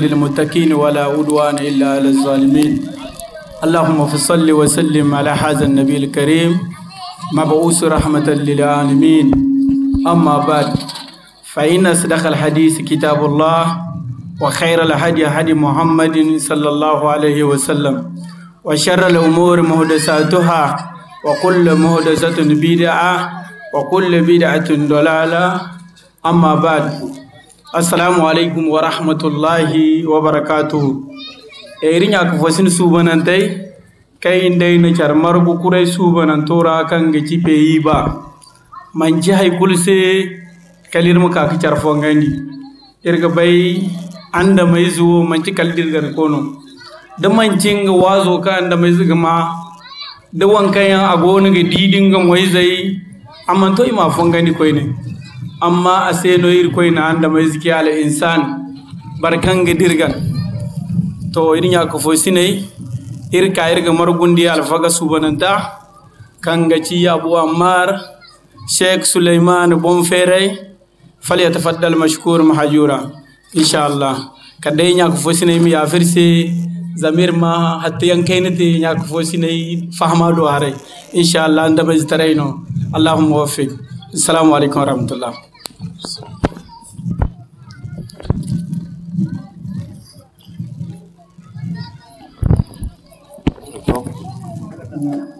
للمتقين ولا عدوان إلا على الظالمين اللهم فصل وسلم على هذا النبي الكريم مبعوث رحمة للعالمين أما بعد فإن أصدق الحديث كتاب الله وخير الهدي هدي محمد صلى الله عليه وسلم وشر الأمور محدثاتها وكل محدثة بدعة وكل بدعة ضلالة أما بعد assalamu alaikum wa rahmatullahi wa barakatuhu e eh, sin ñaka fosin kai inda indey na bukurai marbu kuray kan ga ci yi ba haikul sai kalir muka kaka car gani irga an da mai zuwo manci kaldirgar kono da ga wazo ka da mai zuwa ma da wankan yan agonu ga didin ga zai amma to ima fongandi ne amma a senoyir koyna anda may ziki ala insan ga dirgan to irin yako fo sinay irka irga margundi alfaga subananta ga ci abu ammar sheikh suleiman bonferey falyatafaddal mashkur mahajura insha allah. yi ñaako fo sinay mi ya firse zamir ma hatta yankaynate ñaako fo sinay fahma do an dama ndamay no allahumma waffik السلام عليكم ورحمة الله Thank you.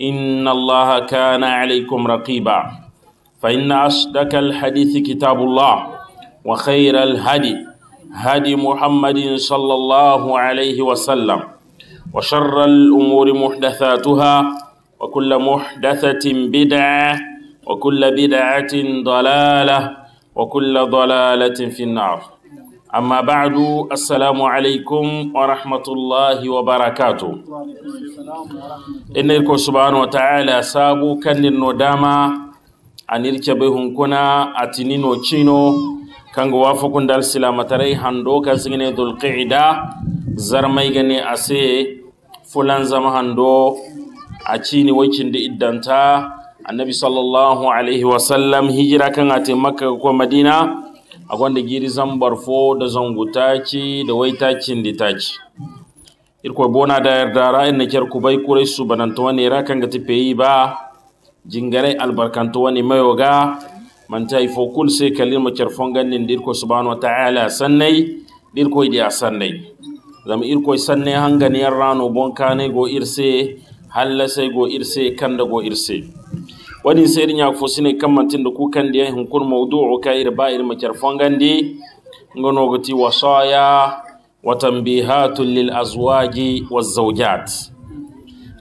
إن الله كان عليكم رقيبا فإن أصدق الحديث كتاب الله وخير الهدي هدي محمد صلى الله عليه وسلم وشر الأمور محدثاتها وكل محدثة بدعة وكل بدعة ضلالة وكل ضلالة في النار amma ba'du assalamu alaikum wa rahmatullahi wa barakatu inna ko subhanahu wa ta'ala sabu kanin no dama anir kebe hunkuna atinino chino kanga wafa kundal silamatarai hando kan singine dul qa'ida zarmai gane ase fulan zama hando a cini wakin da iddanta annabi sallallahu alaihi wasallam hijira kan ate makka ko madina da giri zambar fo da zangu ce da wai tacin da taci irko bona da yardara na kyar ku bai kurai su bananta wani ra kan ga tafe ba jingarai albarkanta wani mayoga manta ifo kul sai kalima kyar ganin da irko subhanahu wataala sannai irko idi a sannai zama irko sannai hanganiyar rano kane go irse halla sai go irse kanda go irse wani sai ya kan mantin da kukan da ya kun mawdu'u kair ba'ir makar fongandi ngono goti wasaya wa tanbihatul lil azwaji waz zawjat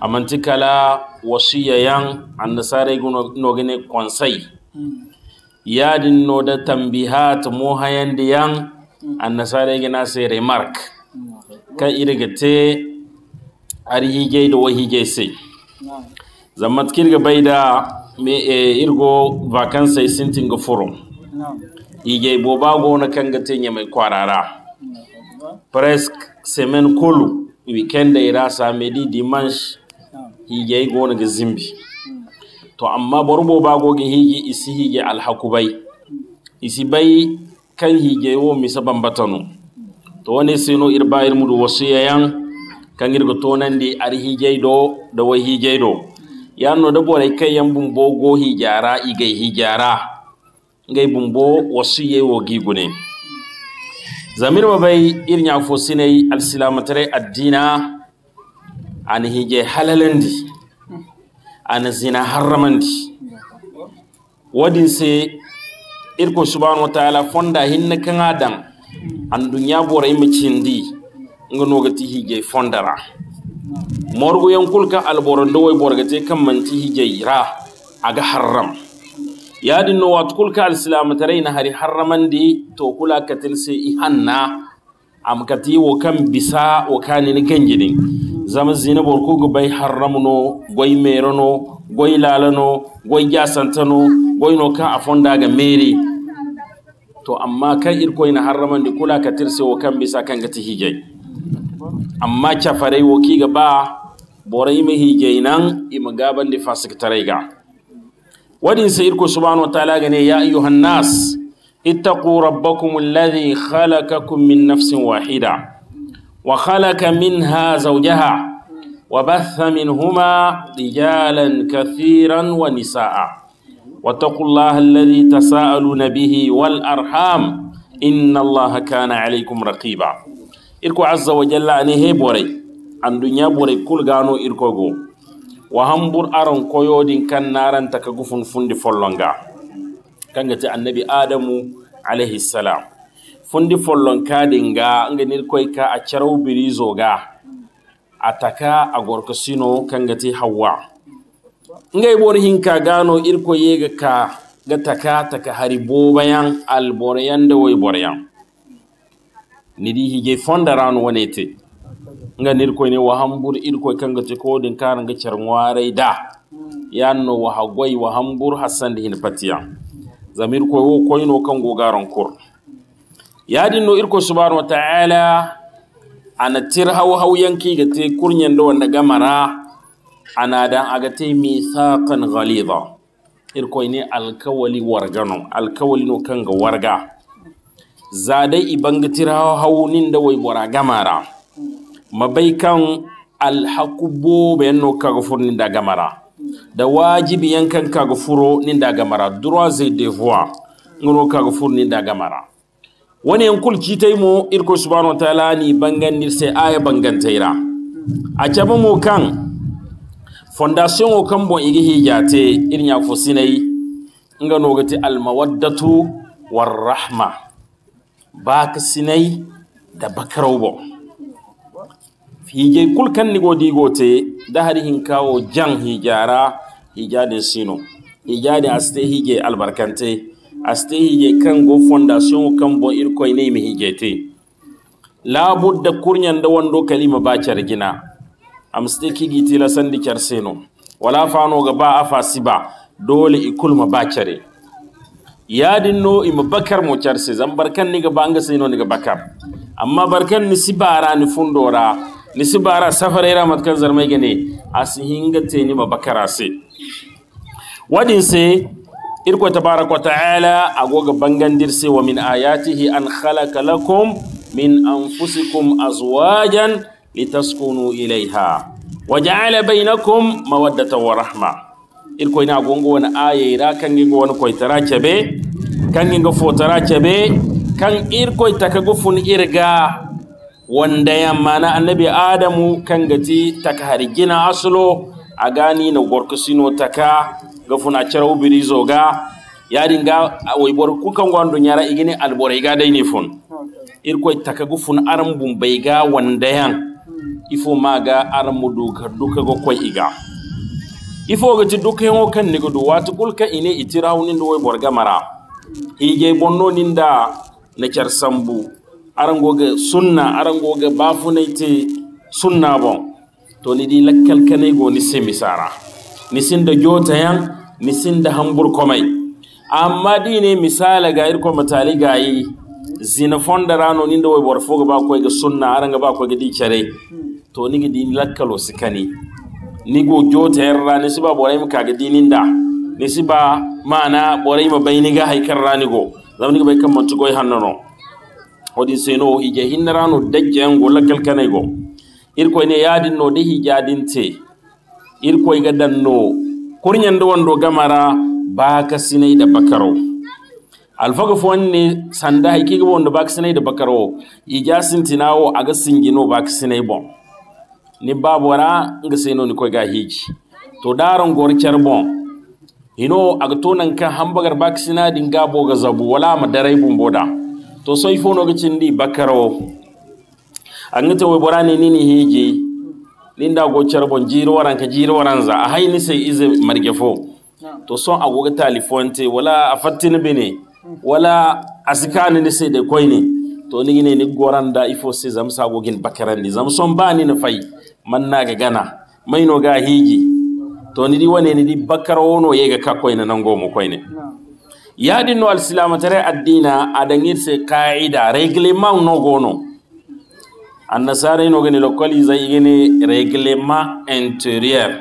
amantikala wasiya yan annasare no gane konsai yadin no da tanbihat mo hayan da yan annasare gina sai remark kan irgate arhige da wahige sai zamat kirga bai da me e irgo vacances sintinga forum ige boba na kanga tenya mai kwarara presque semen kulu weekend ira medi dimanche ige gona zimbi to amma bor boba goge higi isi hige alhakubai isi bai kan hiji wo misa bambatano to wani sino irba irmudu wasu yayan kan irgo tonandi ar hige do da wai do yanno da kai yan bumbo go hijara igai hijara ngai bumbo wasiye wo gigune zamir babai irnya fo sinay al silamatare addina an hije halalandi an zina haramandi wadin se irko subhanahu wa ta'ala fonda hinna kan adam an dunya boray macindi ngono gati hije fondara morgu yankul kan alborondo wai borgate kan manti hijeyra aga ya yadin no wat kulka alsilamatare na hari di to kula katil sai i hanna am kati wo kan bisa wo ni ganjidin zama zina borku gubai haramno goy merono goy lalano goy jasantano goy no ka afonda ga meri to amma kan irko ina di kula katil sai wo kan bisa kan gati hijai amma cafarai wo ga ba boray mahi jeynan ima gaban di fasik tarayga wadin سيركو subhanahu wa ta'ala gane ya ayuhan اتقوا ربكم الذي خلقكم من نفس واحدة وخلق منها زوجها وبث منهما رجالا كثيرا ونساء واتقوا الله الذي تساءلون به والأرحام إن الله كان عليكم رقيبا إركو عز وجل أنهي بوري andu kul kulgano irkogo wa hambur aron koyodin kan naranta ka gufun fundi follonga kanga ta annabi adamu alaihi salam fundi follon ka dinga ka a carau birizo ga ataka a gorko sino kanga ta hawa ngai bor hinka gano irko yega ka ga taka taka hari bobayan alborayan da wai yan nidi hige fondaran wonete nga nirkoyne wahambur irkoy kanga te kodin karanga carwaray da yanno waha goy wahambur hassande hina patiya zamir koy wo koyno kango garon kur yadinno irko subhanahu wa taala ana tir haw haw ga te kurnyen do wanda gamara ana da aga te mithaqan ghalidha irkoy ne alkawali wargano alkawali no kanga warga zadai ibangatir haw haw nin da way bora gamara mabai kan alhakubo ɓe yanno kaga ni da gamara da wajibi yankan kan kaga ni da gamara droit et devoir ngoro kaga ni da gamara wani yan kul yi mu irko subhanahu wa ta'ala ni bangan ni aya bangan taira a caba mu kan fondation o kan bon igi hijate irin ya fusinai nga nogati almawaddatu warrahma baka sinai da bakarau bon hige kul godi gote da hari kawo jan hijara hijade sino hijade aste hige albarkante asite hige go fondation kan bo irko ne mi hijete kurnyan da wando kalima bacar gina am giti la sandi char sino wala ga ba afa siba dole ba ikulma ya dinno ima bakar mo carse zan ni niga ba anga sino ga bakar amma barkan ni sibara ni fundora nisi bara safarera matkan zarmaigene asi hingateni wadin wadinse irko bara wa ta'ala agoga bangandirse wa min ayatihi an khalaqa lakum min anfusikum azwajan litaskunu ilaiha wa ja'ala bainakum mawaddata wa rahma irko ina gongo wani aya ira kan gingo wani koitara kebe kan gingo fotara kebe kan irko taka gufun irga wanda yamma na annabi adamu kan gati taka hargina aslo a gani na gorkusino taka gafuna cara ubiri zoga yari a waibuwar kukan gwando yara igini alborai ga dai ne fun ta taka gufun aran bumbai ga wanda yan ifo ma ga aran mu duka duka iga ifo ga duka yin kan ne gudu wata kulka ine itira raunin da waibuwar gamara hige bonno ninda na kyar sambu arangoge sunna arangoge bafunayte sunna bon to ni di lakkal kanay go ni se misara ni sinda jota yan ni sinda hambur komai amma di ne misala ga irko matali yi zina rano ni way bor foga ba koyga sunna aranga ba koyga di chare to ni di lakkalo sikani ni go jota yan rani siba boray mu kaga dininda ni siba mana boray ma bayni ga haikar rani go zamni ga bay kam mantugo hannano hodin seno hige hinnarano dajjeyango lakkal ne irkoyne no de hijadinte irkoyga danno do wando gamara ba ka baaka da bakaro fo fonne sanda ba ka baaka da bakaro ija sintinawo aga singino ka sinay bon ni babora nga seno ni ga hiji to daron gor char bon ino aga to nanka hambagar baaka sinadin gabo ga zabu wala ma daray bumboda to so ifo no gicin di bakaro burani ni ni nini hiji da go charbon jiro waran ka jiro waran za a haini sai izin margefo to son agoga talifonte wala afattin bene wala sikani ni sai da koi ne. to ni ne ni goran da ifo sai zam sagogin bakaran ni zam son bani na fai man na ga gana Mai no ga hiji to ni di wane ni di bakar wono ga ka na nan koi ne. yaɗinno tare addina aɗa irse kaida reglement no gono gani lokali isa igene reglement intérieur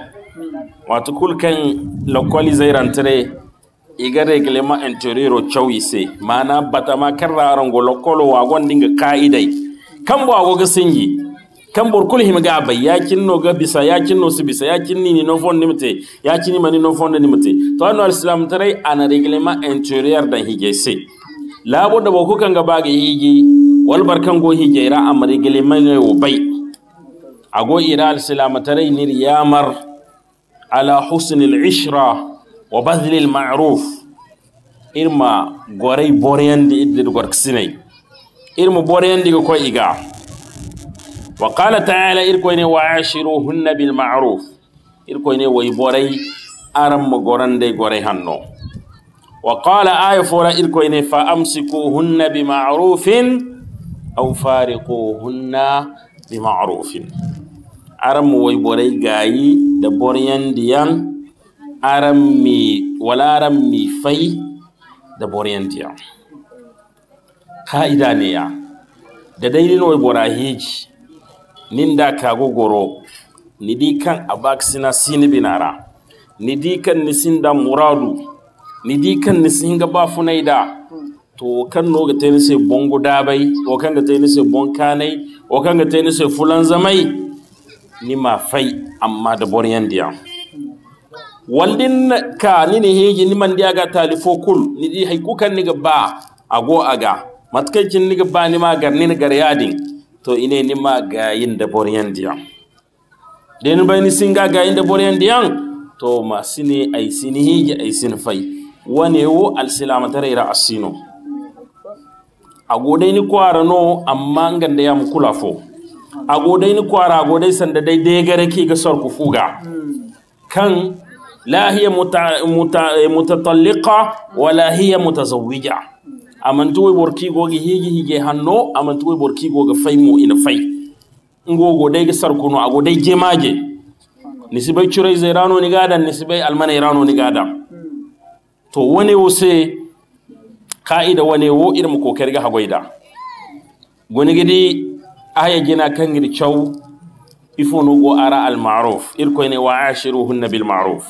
wato kul kan lokkol isa rantere iga reglement intérieur o cawise mana batama kan rarango lokolo wa dinga kaidai kan bo agoga sinji kan burkul him ga ya yakin no ga bisa ya no su bisa yakin ni no fon ni mate yakin mani no fon ni mate to anno islam tare reglema interior da hige se labo da boku kan ga baga yigi wal barkan go ra am reglema ne wo bay ago ira islam tare ni riyamar ala husn al ishra wa badl al ma'ruf irma gorey di iddi gorksinai irma di ko iga wa qala ta'ala irkoyne waashiruhunna bil ma'ruf irkoyne woy borai aran mo gorande goray hanno wa qala aya fora irkoyne fa amsikuhunna bi ma'rufin aw fariquhunna bi ma'rufin aran mo wai borai gayi da boryandiyan aran mi wala aran mi fay da ne ya? da daidinoy bora heeji ninda kago goro di kan abak sini binara ni di kan nisinda muradu ni di kan nisinga ba funaida to kan no ga tayin sai bongo dabai o kan ga tayin sai bon kanai o kan ga tayin sai fulan zamai ni ma fai amma da boryan diya wallin ka ni ne heji ni man diya ga talifo kul ni di kan ni ga ba ago aga matkaicin ni ga ba ni ma gar ni gar yadin to ine da gayinde boriyan ndiyam deni ni singa da boriyan ndiyam to ma sini ai sini hiije ai sini fai wane wo a gode ni kwara no amma mu kula fo ni kwara dai sanda ga degare ga sarku fuga kan la hiya eh, mutatalliqa wala hiya mutazawija amantuwe borkigoga higi hige hanno amantuwe borkigoga fay mo ina fay ngogo dai sarkuno ago dai jemaje nisibai curai zairano ni gadan nisibai almana irano ni gadan to wane wo se ka'ida wane wo irin kokari ga hagoida goni gidi aya gina kan gidi chau ifonu go ara al ma'ruf irko ne wa ashiruhunna bil ma'ruf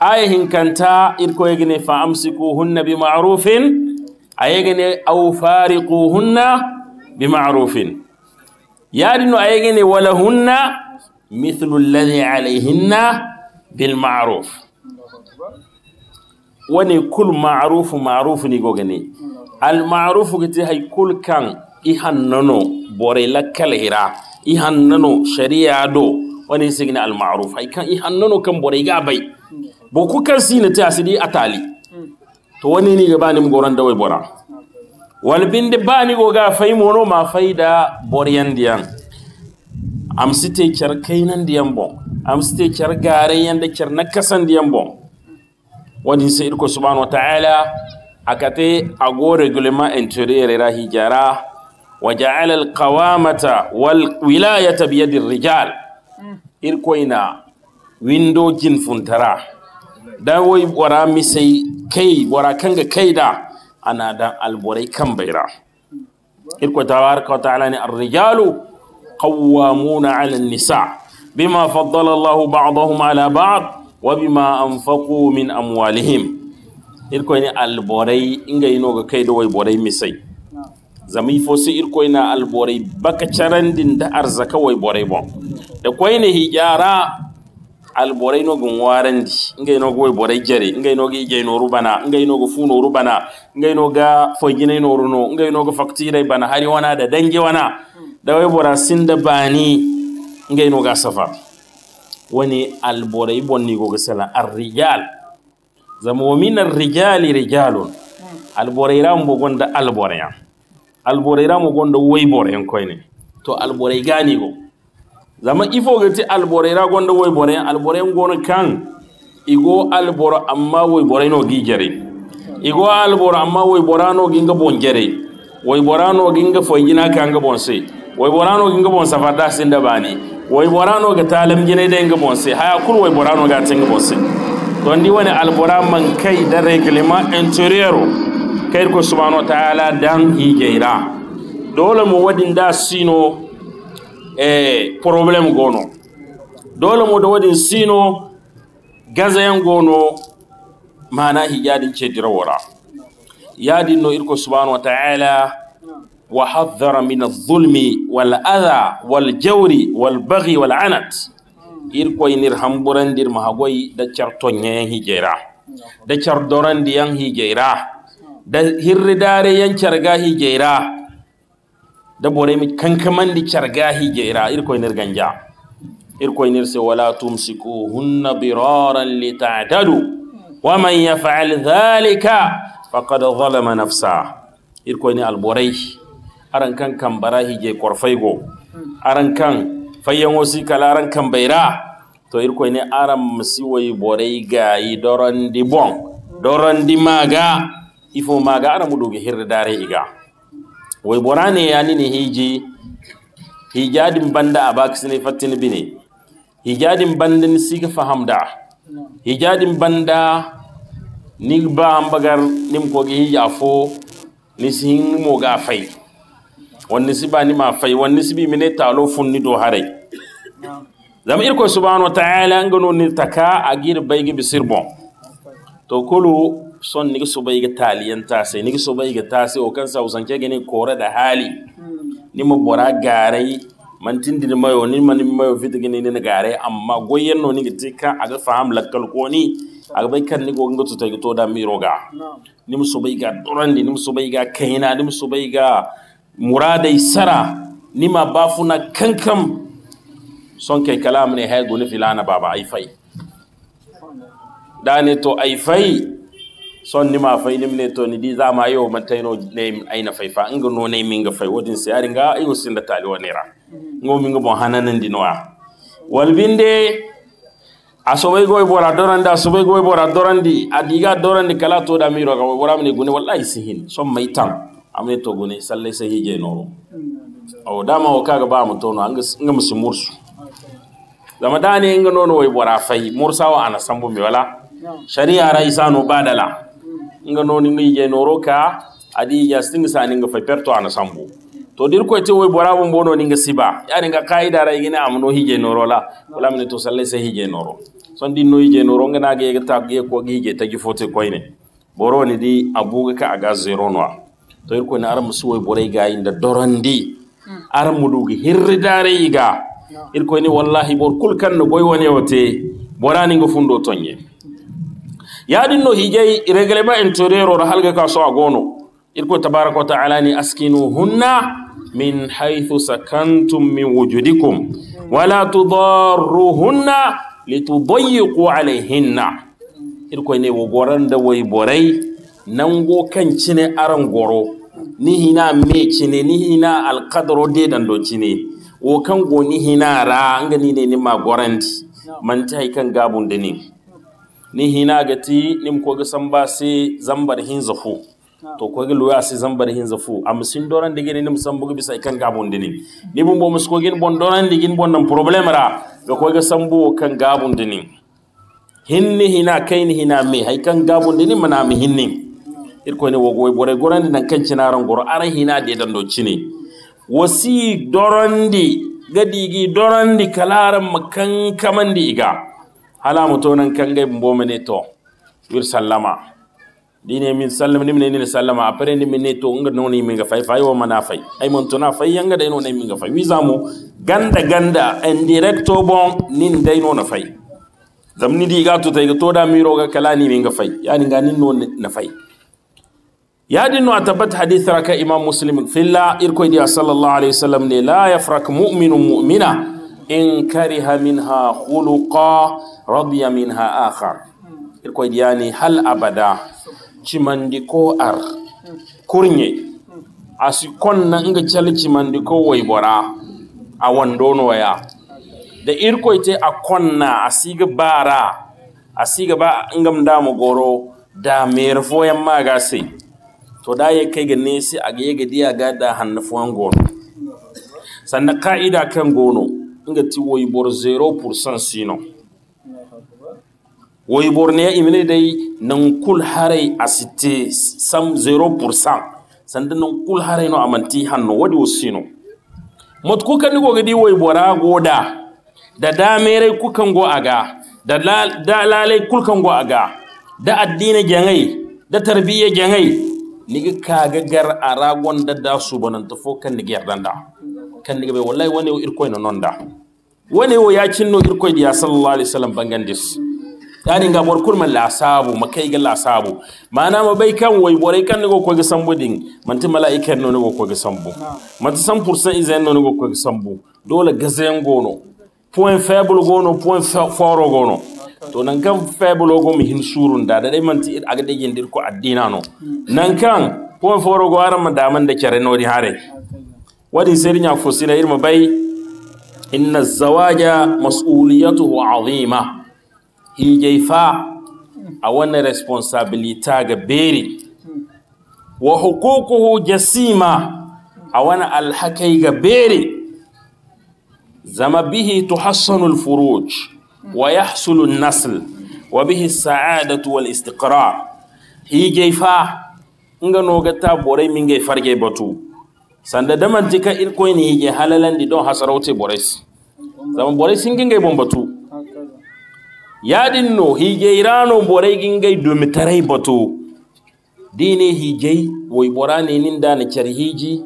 aya hinkanta irko yegine fa amsikuhunna bi ma'rufin ayegene aw fariquhunna bimarufin yaadino ayegene hunna mithlu alladhi alayhinna bilmaruf wani kul marufu marufu ni al almarufu gete hay kul kan i hannano bore la kalhira i hannano sharia do woni sigina ma'ruf hay kan i hannano kan bore ga bay bo kan sinata asidi atali to wani ne ga bani mgoran dawai bora wal binde bani go ga fay mono ma fayda boryan diyan am site kyar kainan diyan bon am site kyar garen yanda kyar na kasan diyan bon wani sai irko subhanahu wataala akate ago reglement intérieur ra hijara wa ja'ala al qawamata wal wilayata bi rijal mm. irko ina windo jin funtara dawoi wara misai kai wara kanga kaida ana da alborai kan baira irko tabaraka wa ta'ala ne ar-rijalu qawwamuna 'ala an-nisa bima faddala Allahu ba'dahum 'ala ba'd wa bima anfaqu min amwalihim irko ne alborai inga yino ga kai wai borai misai zami sai irko ina alborai baka charandin da arzaka wai borai bon da kwai ne hijara alborai no gun warandi ngay no go borai jere ngay no gi jey no rubana ngay no go fu no rubana ngay no ga fo gine no runo ngay no go faktire bana hari wana da dange wana da wai bora sinda bani ngay no ga safa wani alborai bonni go ga sala ar-rijal zama wa min ar rijal rijalun alborai ram bo gonda alborai alborai ram gonda wai borai en koyne to alborai gani go zama ifo gati albore ra gonda woy bore albore gona kan igo alboro amma woy bore no gigere igo alboro amma woy borano ginga bonjere woy borano ginga foyina kanga bonse woy borano ginga bon safada da bani woy borano ga talam jine de nga bonse haya kul woy borano ga tinga bonse to ndi wani albora man kai da reglement interior kai ko subhanahu wa ta'ala dan hijeira dole mu wadin da sino eh problem gono dole mu da wadin sino yan gono mana hijadin ce dirawara yadin no irko subhanahu wa ta'ala wa haddara min adh-dhulmi wal adha wal jawri wal baghi wal anat irko inir hamburan dir mahagoy da chartonye hijera da chardoran yan hijera da hirridare yan charga hijera da bore mi kankamandi ira hijeyra irkoynir ganja irkoynir se wala hunna li ta'tadu wa man yafal dhalika faqad zalama nafsa irkoyni alboray aran kan kan kambara hije korfaygo aran kan fayyango sikala aran kan baira, to irkoyni aran misiwoy boray gayi dorondi bon dorondi maga ifo maga aramu duge hirdare iga way borane yanini hiji hijadin banda a abakisini fattin bine hijadin banda ni siga fahamda hijadin banda ni ba an bagar hambagar nim kogi hija fo ni sin mo ga fai wani si ba ni ma fai wani si bi mine talo fun ni do hare zama irko subhanahu wa ta'ala ngano ni taka a agir baygi bisir bon to kulu son niki so bai ga taliyan ta sai niki so bai ga ta sai o kan sa usan ke gani kore da hali hmm. ni mu bora garai man tindin mayo ni man mayo fit gani ni garai amma goyen no ni ga tika aga faham lakkal ko ni aga bai kan ni go ngoto ta to da mi roga hmm. ni mu so bai ga dorandi ni mu so bai ga kaina ni mu so bai ga muradai sara ni ma bafuna kankam son kai kalam ne hay ni filana baba ai fai hmm. dane to ai fai son ni ma fa ilim ne to ni di za ma yo mataino ne aina fai fa inga no ne minga fai wodin se ari nga ayo sinda tali wonera ngo minga bon hananan di noa wal binde asobay goy bora dorandi asobay goy bora dorandi adiga dorandi kala to da miro ga bora mi guni wallahi sihin son mai tan amne to guni sallai sai hije no o dama o kaga ba mu to no anga musu mursu zama dane inga nono way bora fai wa ana sambu mi wala shari'a ra isanu badala nga noni ni ngi noro ka adi ya sting sa ni nga fa perto ana sambu to dir ko te woy borabo mbono ni nga siba yani nga kaida ra am no hije noro la wala min to salle se hije noro son di no hije noro nga nage ta ge ko gi hije ta gi fote koyne boro ni di abuga ka aga zero no to dir ko na aram suwoy boray ga inda dorandi aram mudugi hirridare iga ir ko ni wallahi bor kul kan no boy woni wote borani nga fundo tonye yaɗinno hijay en torero ra halga ka so a irko tabaraka wa taala ni hunna min haythu sakantum min wujudikum wala tudarruhunna litudayiqu alayhinna irko ne wo goranda woy boray nango kan cine aran goro ni hina me cine ni hina de dan do cine wo kan go ni hina ra anga ne ni ma gorandi man tai kan gabun da ni ni hina gati ni ko ga ba se zambar hin zafu to ko ga luwa se zambar hin zafu am sin doran de gine musan bugu bisa ikan gabon dinin ni bumbo mus ko gin bon doran de gin bon nan problem ra ga ko ga bo kan gabon dinin hinni hina kaini hina me hay kan gabon dinin mana mi hinni hmm. ko ne wogo bore goran nan kan cinaran goro ara hina de dan do cine wasi dorandi gadigi dorandi kalaran makan kamandi iga ala mutonan gai mbo mene to wir sallama dine min sallama ni mene ni sallama apare ni mene to nga no ni minga fay fay wo mana fay ay mon tona fay yanga dai no ni minga fay zamu ganda ganda en directo bon nin dai no na fay ni di ga to tayga to da miro ga kala ni minga fay yani ga nin no na fay din no atabat hadith raka imam muslim la irko dia sallallahu alaihi wasallam ne la yafrak mu'minun mu'mina in kariha minha khuluqa radiya minha akhar ir yani hal abada cimandi ko ar kurnye asi konna nga cal cimandi ko way bora a wando ya da irko koy a konna asiga bara siga ba ngam damu goro da mer foyan ga sai to da ya kai ga nesi a ga diya ga da hannu foyan gono sannan ka'ida kan gono nga ti bor 0% sino bor ne imine dai nan kul harai asite sam 0% sanda nan kul harai no amanti hanno wadi sino mot ku kan go gadi bora goda da damere ku kan go aga da da lale kul kan go aga da addina jangai da tarbiyya jangai niga kaga gar aragon da da su bananta fo kan niga yardanda kanniga bai wallahi wani o irkoi no nonda wani o yacinno irkoyɗi ya sallallah alih w sallam bangandis yani ga bor man la sabu ga la sabu mana ma bai kan wai borai kan nego ko ga sambu din manti malaika no nego ko ga sambu manti san pursan izen no nego ko ga sambu dole gazen gono point faible gono point foro gono to nan kan faible go mi hin surun da da dai manti aga de gindir ko addina no nan kan point foro go aran ma daman da kare no di hare wadin sirnya fusina irma bai inna zawaja wa azima hi fa a wannan responsabilita ga beri wa hukukuhu jasima a wani alhakai ga beri zama bihi tuhassanul furuj wa yahsulun nasl wa bihi sa'adatu wal istiqrar hijai fa nga noga ta borai min gai farge batu sanda daman jika irkoy ni halalan di don hasarawte bores zama bores sun bon batu yaɗin no hige irano borai gingai domi taray batu dine hijey woi borani nin dana cer hiji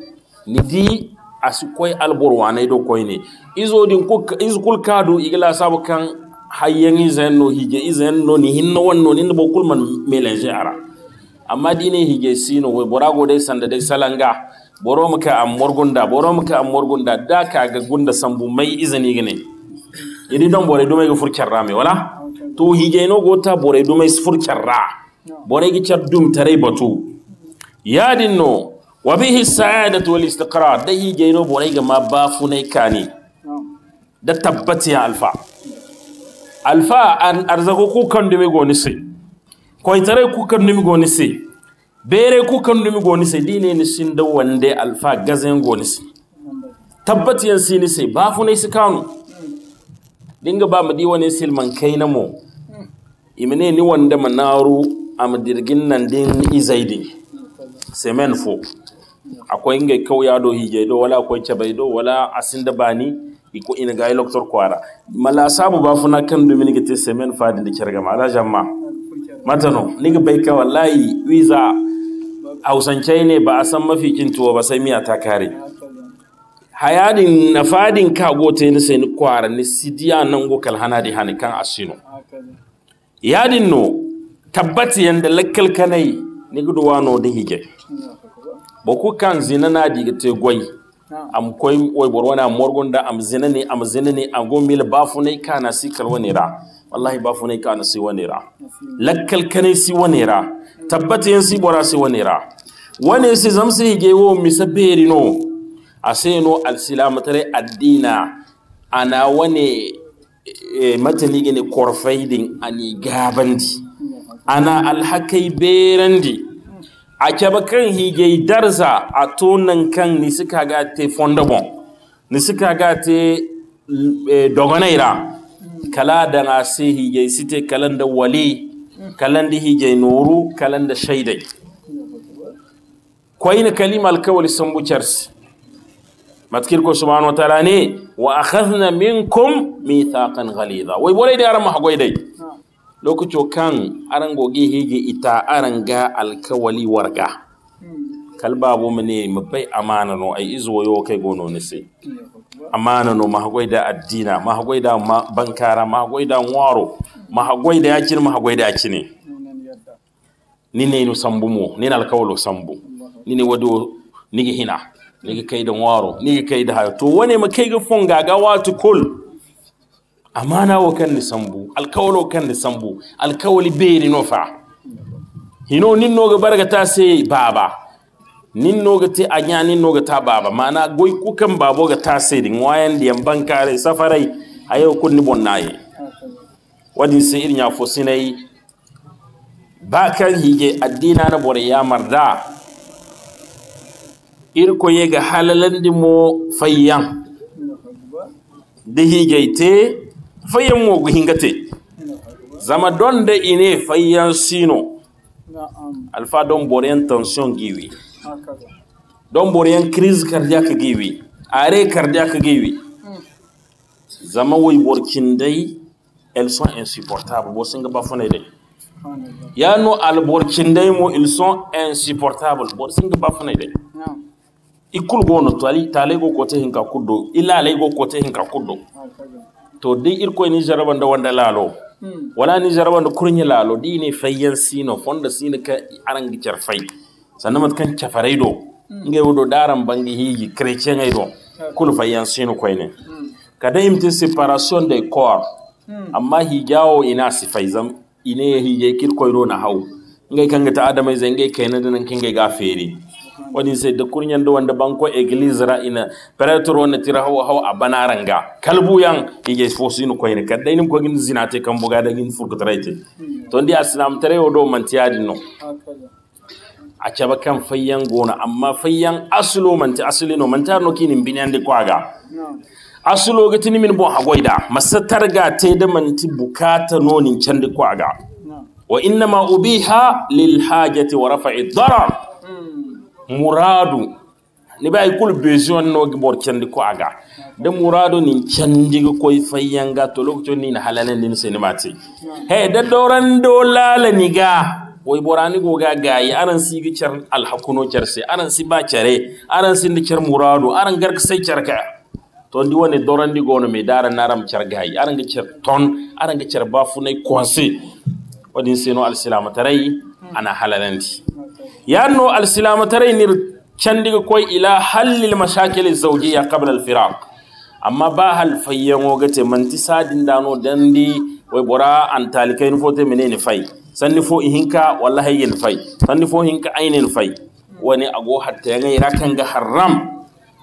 ni di asi koy albor izo din ku isodin kul kadu igla sabu kan hayyangi zen no hige izen no ni hinno wanno nin bo kulman mélange ara amma dine hige sino we bora go dai sanda dai salanga boro muka am morgunda boro muka am morgunda da ka ga gunda sambu mai izini gine yidi don bore dumai ga furkar rame wala to hige no gota bore dumai furkar ra bore gi char dum tare batu ya dinno wa bihi sa'adatu wal istiqrar da hige no bore ga ma funai kani da tabbati alfa alfa an arzako ko kan dume goni sai koytare ku kandumi goni se bere ku kandumi goni se dine ni da wande alfa gazen goni se tabbati yan sini se ba fu ne sikanu dinga ba mu di wani silman kai na mu imene ni wanda manaru am dirgin nan din izaidi semen fo akwai ngai kauya do hije do wala akwai cabai do wala asinda bani iko ina ga doctor kwara mala sabu ba funa kan domin gite semen fadin da kirgama ala jama'a matano niga bai ka layi wiza hausance ne ba a san mafi kin tuwo ba sai miya ta kare hayadin na fadin ka gote ni sai ni kwara ni sidiya nan go kalhana di hani kan asino yadin no tabbati yanda lakkal kanai ni gudu wano da hige boku kan zina na diga te gwai am koy oy bor wana da am zinani am zinani am go mil bafunai kana sikal wanira wallahi ne kana si wanira lakkal kane si wanira tabbata yin si bora si wanira wane si zamsi hige wo misabiri no aseno alsilamatare addina ana wane e, matani gine korfaidin ani gabandi ana alhakai berandi kyaba kan higey darza a tonan kan ni suka ga te fondabon ni suka ga te e, dogonaira kala da na se higey site kalan da wale kalan da higey noru kalan da shaidai na kalima alkawali sun charsi matkir ko subhanahu wa ta'ala ne wa akhadna minkum mithaqan ghalidha wai bolai da yaran mahagwai dai lokaci kan aran gogi hige ita aran ga alkawali warga kalba bo mene mabai amana no ai izo yo kai gono ne sai amana no mahagwai da addina mahagwai da bankara mahagwai da waro mahagwai da yakin mahagwai da kine ni ne no sambu mo ni na alkawalo sambu ni ne wado ni hina ni kai da waro ni kai da hayo to wane ma kai ga fonga gaga watu kul amana kan ni sambu alkawalo kan ni sambu alkawali beri no fa hino nin noga barga ta se baba nin noga te anya nin noga ta baba mana goy ku kan babo ga ta se din wayan diyan bankare safarai ayo kun ni bonnaye wadi se irin ya sinai ba kan hige addina na bore ya marda irko ye ga halalan dimo fayyan da higaite fayyan mogu hingate zama don da ine fayyan sino alfa don boren tension giwi don boren crise cardiaque giwi are cardiaque giwi zama wai borkin dai elles sont insupportables bo singa ba fone dai ya no alborkin dai mo ils sont insupportables bo singa ba fone dai ikul gono tali tale go kote hinka kuddo ila lay go kote hinka kuddo to di irko ni jaraban da wanda lalo hmm. wala ni jaraban da kurnyi lalo di ne fayyan sino fonda sino ka aran gicar fai sannan mat kan cafarai do hmm. nge wodo daran bangi hiji kreche ngai do hmm. kul fayyan sino ko ne kada imti separation de corps amma hijawo ina si zam ine hije kir koy na hau ngai kanga ta adamai zai kenan da nan kinga ga fere wani sai da kurnyan da wanda banko eglise ra ina pretor wanda tira hawa hawa a banaranga kalbu yan ige fosi no ka kadda inin ko gin zinate kan buga da gin furkutraite to ndi aslam tare wodo mantiyadi no a caba kan fayyan gona amma fayyan man manti asuli no mantar no kinin binyan de kwaga asulo ga tini min bon hagoida masatar ga te da manti bukata nonin can de kwaga wa inna ma ubiha lil hajati wa rafa'i darar muradu ni ɓe ay kulu no gbor bor ko aga de muradu ni candigo koye fayanga to lokaco nin halane ni senimati he de doran do lala ni ga woy borani ga gayi aran sigi al hakuno char se aran si ba chare aran ni char muradu aran garka sai char ka to ndi woni di gono mi dara naram ga yi aran gi char ton aran ga car bafunay konse wadin seno alsilama tare, ana ti. yanno alsilama tarai nir candiga koy ila hallil mashakil zawjiyya qabla alfiraq amma ba hal fayyango gate manti sadin dano dandi wai bora antalikain fote menene fay sanni fo ihinka wallahi yin fay sanni fo hinka ainin fay wani ago hatta yangai rakanga haram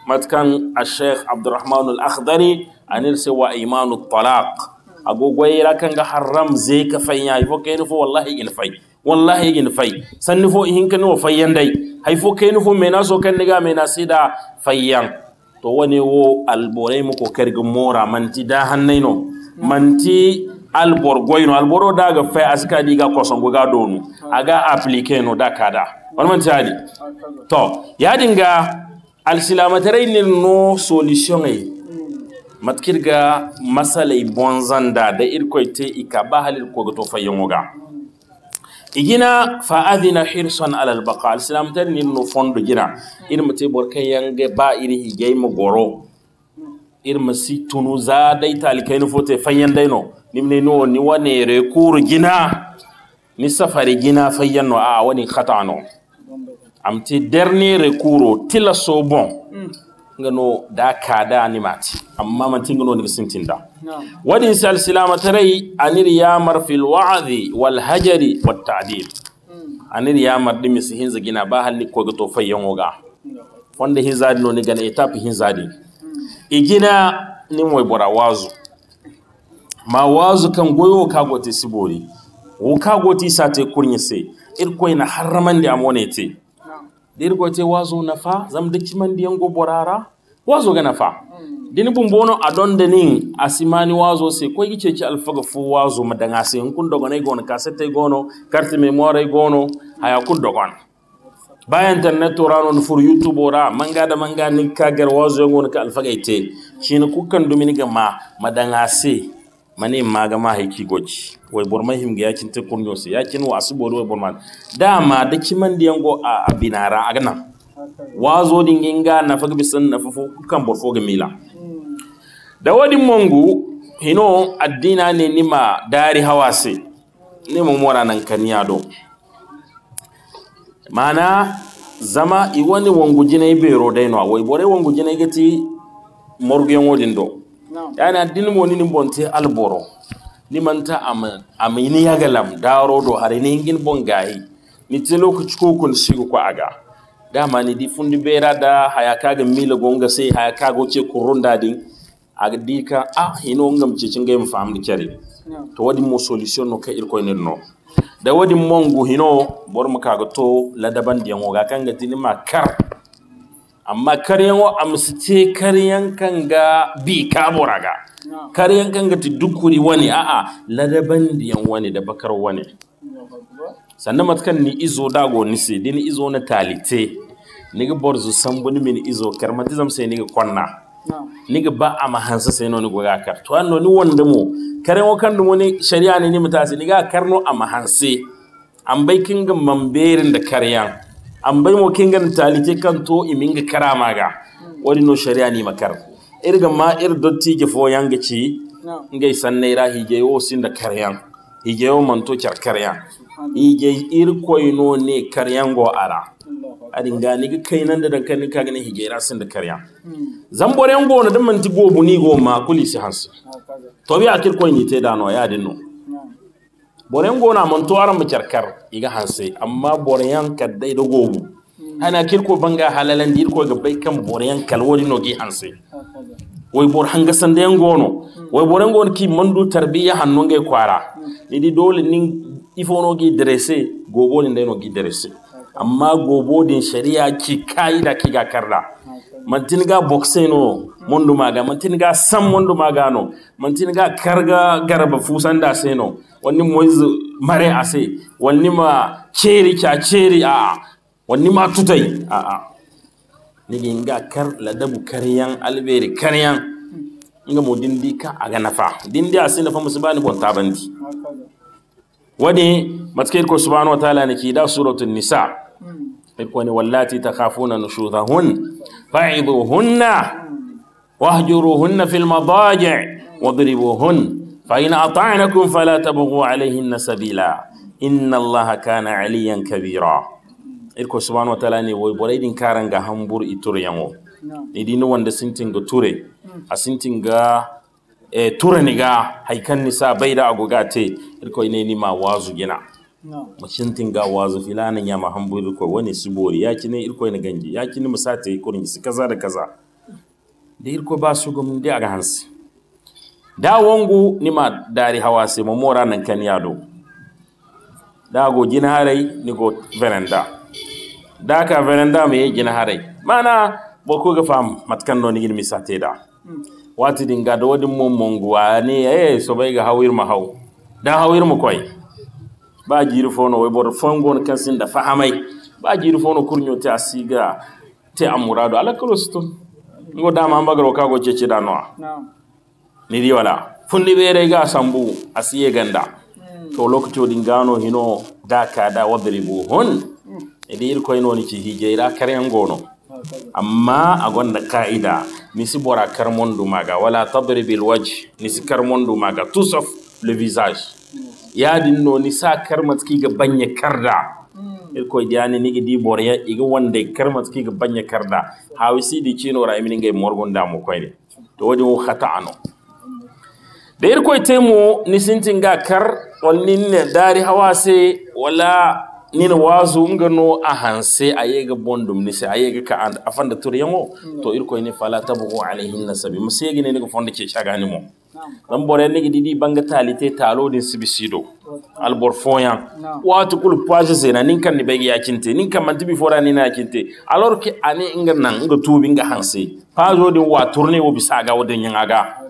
matkan al-sheikh abdurrahman al-akhdari anir sewa imanu talaq ago goyra kanga haram zai zeka fayya fo ni fo wallahi in fay wallahi gin san nufo in hin nufo fai yan dai hay fo mai naso mena so kan diga da sida yan to wani wo alborai ko mora manti da hannaino manti albor goyno alboro daga fay aska diga kosongo ga donu aga aplike no da kada manti tali to ya dinga alsilamatarai ne no solution ai matkirga masalai bonzanda da irkoite ikaba halil ko ga fayyan ga igina fa adina hirsan alal baqa al islam ni no fondo gina ir mate bor kan yange ba iri higay mo goro ir masi tunu za dai tal kain fote fanyan dai no nimne no ni wane re kur gina ni safari gina fanyan no a wani khata no amti dernier recours tila so bon mm. ngano da kada animati amma man tingono ni sintinda wadin salsilama rai anir yamar fil wa'adhi wal hajari wat ta'dil anir yamar dimi si hin gina ba halli ko ga to woga wanda hinzadi no ni gana hin zadi igina ni mai bora wazu ma wazu kan goyo ka gote sibori wo ka gote sate kurnyese ir koyna harramande amonete dir gote wazu nafa zam dikki man diyan yango borara wazo gana fa mm. dini bumbono adonde nin simani wazo se ko ce ki alfaga fu wazo madanga se kun dogo nay gono kasete gono me memoire gono haya kun dogon ba internet ranon fur youtube ora manga da manga ni kagar wazo gono ka alfaga ite ku kan dumini ga ma madanga se mani ma ga ma haiki goji wai him ga yakin te kun se yakin wa asuboro wai borma dama da kiman diyango a binara agna wazo dinginga nafaga na fufu kan ga mila da wadi mongu hino addina ne nima dari hawase ne mu mora nan kaniya do mana zama i wani wangu i bero dai no wai bore wangu jina gati morgen wodin do yana addini mo ni bonte alboro ni manta am amini yagalam daro do hare ne ngin bongayi ni tilo ku chukukun kun ko aga dama ni di fundi bera da hayaka ga mila gonga sai hayaka go ce da din a di ka a ah, hino ngam ce cin gaim fam da kare to wadi mo solution no ka irko ne no da wadi mongu hino bor mu ka ga to daban di yango ga ga tini ma kar amma karyan ce kar yankan ga bi ka boraga karyan ga ti dukuri wani a'a ah, ah, ladaban di ne da bakar wani Sannan matakan ni izo dago nisi din izo na talite niga borzu bu ni min izo karmatizam sai ga konna ga ba a mahansa sai no ni goga kar to anno ni wanda mu kare wo kan mu ni shari'a ne ni mutasi kar karno a mahanse an bai kinga mamberin da karyan an bai mo kinga talite kan to ga karama ga wani no shari'a ni makar irga ma ir dotti ge fo yanga ci ngai sanne rahi ge wo sin da karyan hige wo manto kyar karyan ije irkoyno ne karyango ara adin ga ni kai nan da dankani ka ne hijira sun da karya hmm. zamboren go na dan manti go buni go ma kuli si hans to bi akir koy ni te no ya dinno boren go na mun to aran bicarkar iga hanse amma boren kan dai da go hmm. ana kirko banga halalan dir ko bai kan boren kalwori no gi hanse wai bor hanga sande gono hmm. wai boren go ki mandu tarbiya hannun gai kwara ni di dole nin ifonogi dresse ndeno gi dresse amma gobodin sharia ki kaida kiga karda ga boxeno mondu maga ga sam mondu maga no ga karga garaba fusanda no wani moizu mare ase wani ma cheri cha cheri a wani ma tutai a a nige nga kar ladabu kariyan alberi kariyan nga mo dindi ka aga nafa dindi ase nafa musibani bontabandi wani matsayin ko subhanahu wataala ne ke da suratun nisa hmm. wani wallati takhafuna nushuzahun fa'iduhunna wahjuruhunna fil madaji' wadribuhun fa in ata'nakum fala tabghu na sabila inna allaha kana aliyan kabira hmm. irko subhanahu wataala ne wai borai karan ga hambur itur yango wanda sintin ga ture hmm. a sintin ga Eh, ni nisa bai da sa te ilko irko ni ma wazu gina mashintin ga wazu filanan ya mahambu irko wani sibori ya ne irko ina ganji ya kine musate kurin su kaza da kaza da irko ba su gum da aga hansi da wangu ni ma dari sai mu mora nan kan yado da go gina harai ni go veranda da ka veranda mai gina harai mana boko ga fam matkan no ni gin misate da hmm. wati dinga da wadin mun monguwa ne eh so bai ga hawir ma hau. Da hawir mu koi ba jiri fono wai bor fongon kansin da fahamai ba jiri fono kurnyo ta siga te amurado ala kristo ngo ma an bagaro kago cece da noa ni di wala fundi bere ga sambu asiye ganda hmm. to lokaci din gano hino da ka da wadribu hun idi hmm. ir koyno ni ci hijira. ira karyan gono amma a gwanda ka'ida nisi bora karmondu maga wala tadrib alwajh nisi karmondu maga tusaf le visage yadin dinno nisa ki ga banya karda hmm. irko jani nigi di borya iga wanda ki ga banya karda hawisi di chino ra imini mu morgon damu, mu koyde to wadi mu khata ano da irko temu nisintin ga kar wallin dari hawase wala nina wazu nga no a hanse a yega bondum ni a ka and afanda ya yango mm. to irko ne fala tabu alaihin nasabi musegi ne ne ko fonda ke mo dan bore ne gidi di banga talite talo din sibisido albor foyan watu kul paje zena nin kan ni bege yakinte nin kan mantibi fora ni na yakinte alors que ani nga nan tubi nga hanse pajo din wa tourner wo bisaga wo din yanga